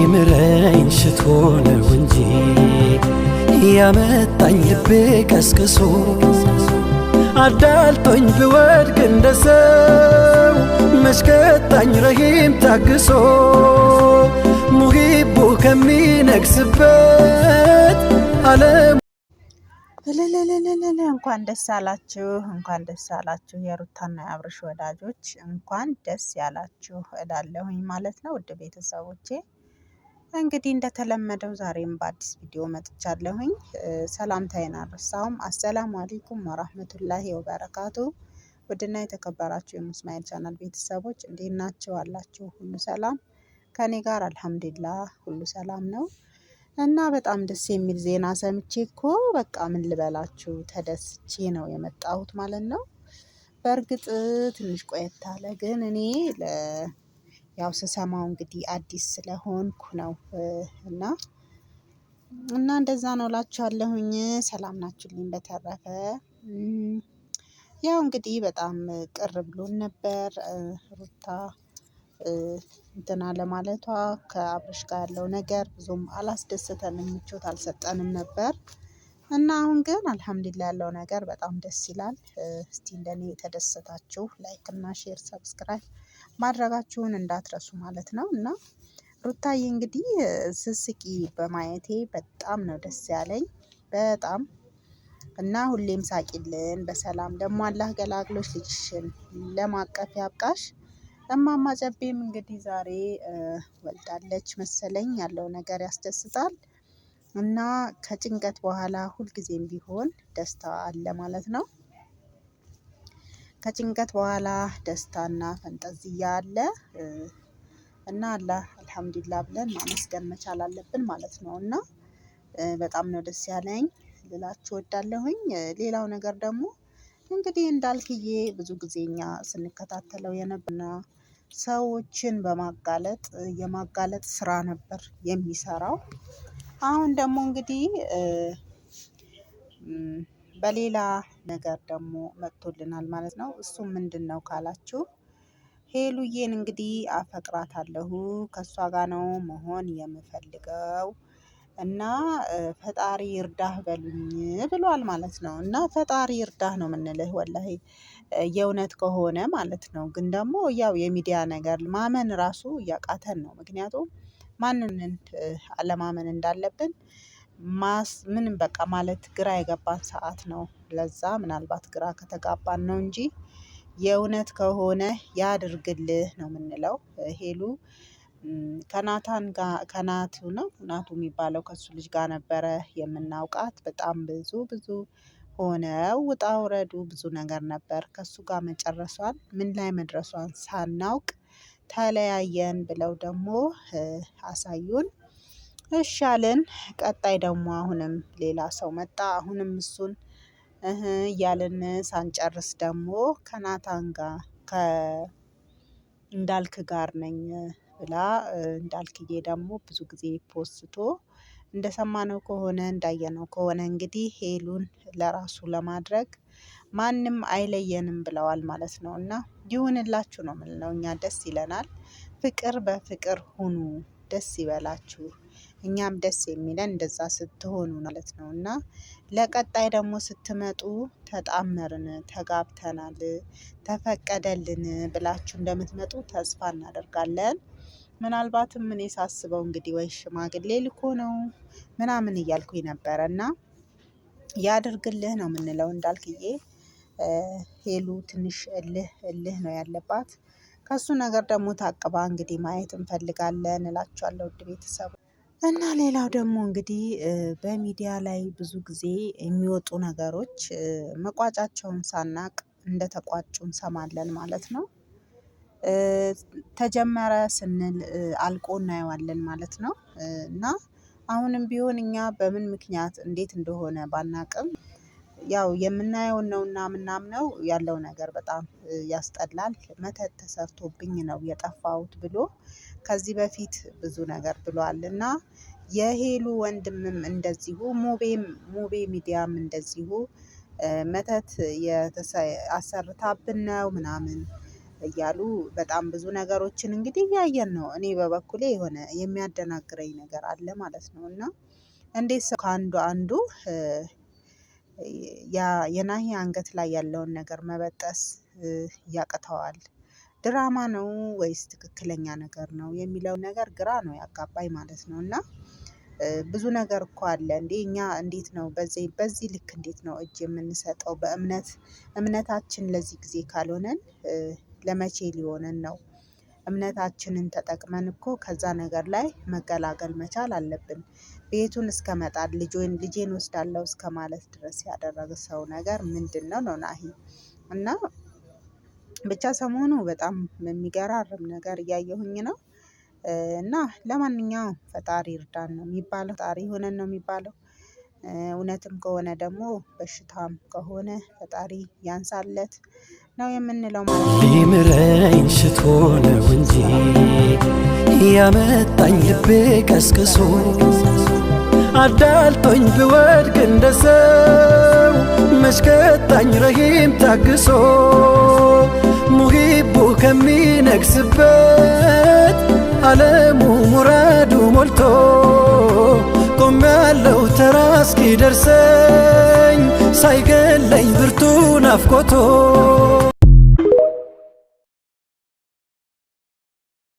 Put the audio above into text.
ሊምረኝ ሽቶ ነው እንጂ ያመጣኝ ልቤ ቀስቅሶ አዳልጦኝ ብወድግ እንደ ሰው መሽከጣኝ ረሂም ታግሶ ሙሂቡ ከሚነግስበት ዓለም እልልልልልል እንኳን ደስ አላችሁ እንኳን ደስ አላችሁ የሩታና የአብርሽ ወዳጆች እንኳን ደስ ያላችሁ እላለሁኝ ማለት ነው ውድ ቤተሰቦቼ። እንግዲህ እንደተለመደው ዛሬም በአዲስ ቪዲዮ መጥቻለሁኝ። ሰላምታዬን አልረሳሁም። አሰላሙ አሌይኩም ወራህመቱላሂ ወበረካቱ። ውድና የተከበራችሁ የሙስማኤል ቻናል ቤተሰቦች እንዴት ናችሁ? አላችሁ ሁሉ ሰላም? ከኔ ጋር አልሐምዱላ ሁሉ ሰላም ነው እና በጣም ደስ የሚል ዜና ሰምቼ እኮ በቃ ምን ልበላችሁ ተደስቼ ነው የመጣሁት ማለት ነው። በእርግጥ ትንሽ ቆየት አለ፣ ግን እኔ ያው ስሰማው እንግዲህ አዲስ ስለሆንኩ ነው እና እና እንደዛ ነው ላችኋለሁኝ። ሰላም ናችሁልኝ። በተረፈ ያው እንግዲህ በጣም ቅር ብሎን ነበር ሩታ እንትና ለማለቷ ከአብርሽ ጋር ያለው ነገር ብዙም አላስደሰተንም፣ ምቾት አልሰጠንም ነበር እና አሁን ግን አልሐምዱሊላ ያለው ነገር በጣም ደስ ይላል። እስቲ እንደኔ የተደሰታችሁ ላይክ እና ሼር ሰብስክራይብ ማድረጋችሁን እንዳትረሱ ማለት ነው። እና ሩታዬ እንግዲህ ስስቂ በማየቴ በጣም ነው ደስ ያለኝ በጣም እና ሁሌም ሳቂልን በሰላም ደግሞ አላህ ገላግሎች ልጅሽን ለማቀፍ ያብቃሽ። እማማ ጨቤም እንግዲህ ዛሬ ወልዳለች መሰለኝ። ያለው ነገር ያስደስታል እና ከጭንቀት በኋላ ሁልጊዜም ቢሆን ደስታ አለ ማለት ነው። ከጭንቀት በኋላ ደስታና ፈንጠዝያ አለ እና አላህ አልሐምዱሊላህ ብለን ማመስገን መቻል አለብን ማለት ነው። እና በጣም ነው ደስ ያለኝ ልላችሁ ወዳለሁኝ። ሌላው ነገር ደግሞ እንግዲህ እንዳልክዬ ብዙ ጊዜ እኛ ስንከታተለው የነበርና ሰዎችን በማጋለጥ የማጋለጥ ስራ ነበር የሚሰራው። አሁን ደግሞ እንግዲህ በሌላ ነገር ደግሞ መጥቶልናል ማለት ነው። እሱ ምንድን ነው ካላችሁ ሄሉዬን እንግዲህ አፈቅራታለሁ ከእሷ ጋር ነው መሆን የምፈልገው እና ፈጣሪ እርዳህ በሉኝ ብሏል ማለት ነው። እና ፈጣሪ እርዳህ ነው የምንልህ ወላሂ የእውነት ከሆነ ማለት ነው። ግን ደግሞ ያው የሚዲያ ነገር ማመን ራሱ እያቃተን ነው። ምክንያቱም ማንን አለማመን እንዳለብን ማስ ምንም በቃ ማለት ግራ የገባን ሰዓት ነው። ለዛ ምናልባት ግራ ከተጋባን ነው እንጂ የእውነት ከሆነ ያድርግልህ ነው የምንለው። ሄሉ ከናታን ጋር ከናቱ ነው ናቱ የሚባለው ከሱ ልጅ ጋር ነበረ የምናውቃት በጣም ብዙ ብዙ ሆነው ውጣ ውረዱ ብዙ ነገር ነበር ከሱ ጋር መጨረሷን ምን ላይ መድረሷን ሳናውቅ ተለያየን ብለው ደግሞ አሳዩን እሺ አለን። ቀጣይ ደግሞ አሁንም ሌላ ሰው መጣ። አሁንም እሱን እህ እያልን ሳንጨርስ ደግሞ ከናታን ጋር ከእንዳልክ ጋር ነኝ ብላ እንዳልክዬ ደግሞ ብዙ ጊዜ ፖስቶ እንደሰማነው ከሆነ እንዳየነው ከሆነ እንግዲህ ሄሉን ለራሱ ለማድረግ ማንም አይለየንም ብለዋል ማለት ነው። እና ይሁንላችሁ ነው የምንለው እኛ ደስ ይለናል። ፍቅር በፍቅር ሁኑ፣ ደስ ይበላችሁ እኛም ደስ የሚለን እንደዛ ስትሆኑ ማለት ነው። እና ለቀጣይ ደግሞ ስትመጡ ተጣመርን፣ ተጋብተናል፣ ተፈቀደልን ብላችሁ እንደምትመጡ ተስፋ እናደርጋለን። ምናልባትም ምን ሳስበው እንግዲህ ወይ ሽማግሌ ልኮ ነው ምናምን እያልኩኝ ነበረ እና ያድርግልህ ነው የምንለው። እንዳልክዬ ሄሉ ትንሽ እልህ እልህ ነው ያለባት። ከሱ ነገር ደግሞ ታቅባ እንግዲህ ማየት እንፈልጋለን እላችኋለሁ ውድ ቤተሰቡ። እና ሌላው ደግሞ እንግዲህ በሚዲያ ላይ ብዙ ጊዜ የሚወጡ ነገሮች መቋጫቸውን ሳናቅ እንደተቋጩ እንሰማለን ማለት ነው። ተጀመረ ስንል አልቆ እናየዋለን ማለት ነው። እና አሁንም ቢሆን እኛ በምን ምክንያት እንዴት እንደሆነ ባናቅም? ያው የምናየውን ነውና ምናምነው ያለው ነገር በጣም ያስጠላል። መተት ተሰርቶብኝ ነው የጠፋሁት ብሎ ከዚህ በፊት ብዙ ነገር ብሏል እና የሄሉ ወንድምም እንደዚሁ ሙቤም ሙቤ ሚዲያም እንደዚሁ መተት አሰርታብን ነው ምናምን እያሉ በጣም ብዙ ነገሮችን እንግዲህ እያየን ነው። እኔ በበኩሌ የሆነ የሚያደናግረኝ ነገር አለ ማለት ነው እና እንዴት ሰው ከአንዱ አንዱ የናሂ አንገት ላይ ያለውን ነገር መበጠስ ያቅተዋል። ድራማ ነው ወይስ ትክክለኛ ነገር ነው የሚለው ነገር ግራ ነው ያጋባኝ ማለት ነው። እና ብዙ ነገር እኮ አለ እንዴ እኛ እንዴት ነው በዚህ በዚህ ልክ እንዴት ነው እጅ የምንሰጠው? በእምነት እምነታችን ለዚህ ጊዜ ካልሆነን ለመቼ ሊሆነን ነው እምነታችንን ተጠቅመን እኮ ከዛ ነገር ላይ መገላገል መቻል አለብን። ቤቱን እስከ እስከመጣል ልጄን ወስዳለው እስከ ማለት ድረስ ያደረገ ሰው ነገር ምንድን ነው ነው ናሂ? እና ብቻ ሰሞኑ በጣም የሚገራርም ነገር እያየሁኝ ነው። እና ለማንኛውም ፈጣሪ እርዳን ነው የሚባለው ፈጣሪ ሆነን ነው የሚባለው እውነትም ከሆነ ደግሞ በሽታም ከሆነ ፈጣሪ ያንሳለት ነው የምንለው። ሊምረኝ ሽቶ ነው እንጂ ያመጣኝ ልቤ ቀስቅሶ አዳልጦኝ ብወድቅ እንደ ሰው መሽከጣኝ ረሂም ታግሶ ሙሂቡ ከሚነግስበት ዓለሙ ሙራዱ ሞልቶ እስኪደርሰኝ ሳይገለኝ ብርቱ ናፍቆቶ